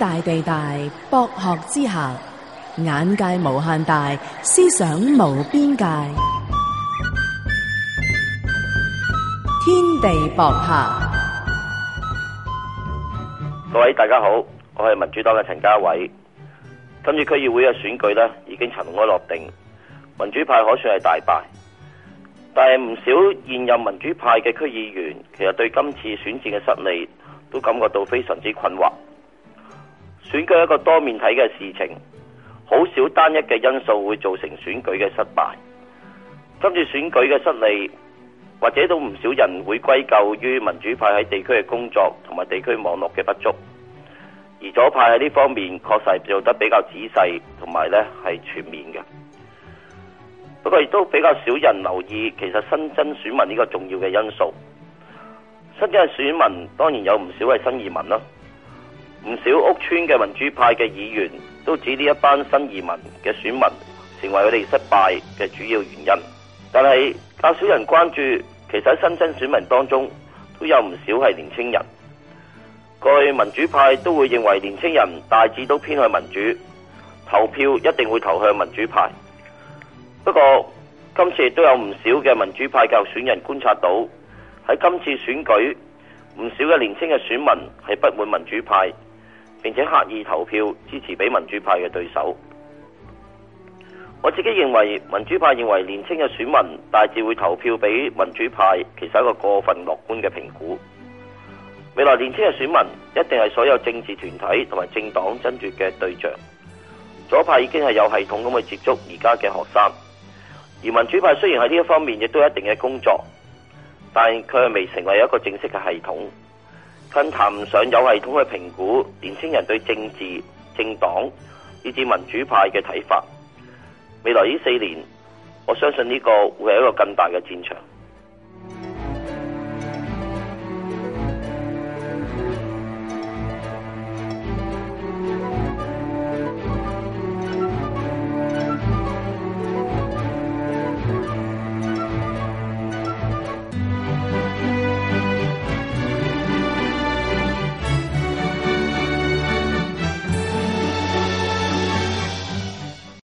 大地大博學之下，眼界無限大，思想無邊界，天地博客。各位大家好，我係民主黨嘅陳家偉。今次區議會嘅選舉咧，已經塵埃落定，民主派可算係大敗。但係唔少現任民主派嘅區議員，其實對今次選戰嘅失利，都感覺到非常之困惑。選舉一個多面體嘅事情，好少單一嘅因素會造成選舉嘅失敗。今次選舉嘅失利，或者都唔少人會歸咎於民主派喺地區嘅工作同埋地區網絡嘅不足，而左派喺呢方面確實做得比較仔細同埋呢係全面嘅。不過亦都比較少人留意，其實新增選民呢個重要嘅因素。新增嘅選民當然有唔少係新移民啦。唔少屋村嘅民主派嘅議員都指呢一班新移民嘅選民成為佢哋失敗嘅主要原因。但係較少人關注，其實新生選民當中都有唔少係年青人。過去民主派都會認為年青人大致都偏向民主，投票一定會投向民主派。不過今次亦都有唔少嘅民主派嘅選人觀察到，喺今次選舉唔少嘅年青嘅選民係不滿民主派。並且刻意投票支持俾民主派嘅對手。我自己認為民主派認為年青嘅選民大致會投票俾民主派，其實係一個過分樂觀嘅評估。未來年輕嘅選民一定係所有政治團體同埋政黨爭奪嘅對象。左派已經係有系統咁去接觸而家嘅學生，而民主派雖然喺呢一方面亦都有一定嘅工作，但佢係未成為一個正式嘅系統。更談唔上有系統去評估，年輕人對政治、政黨以至民主派嘅睇法，未來呢四年，我相信呢個會係一個更大嘅戰場。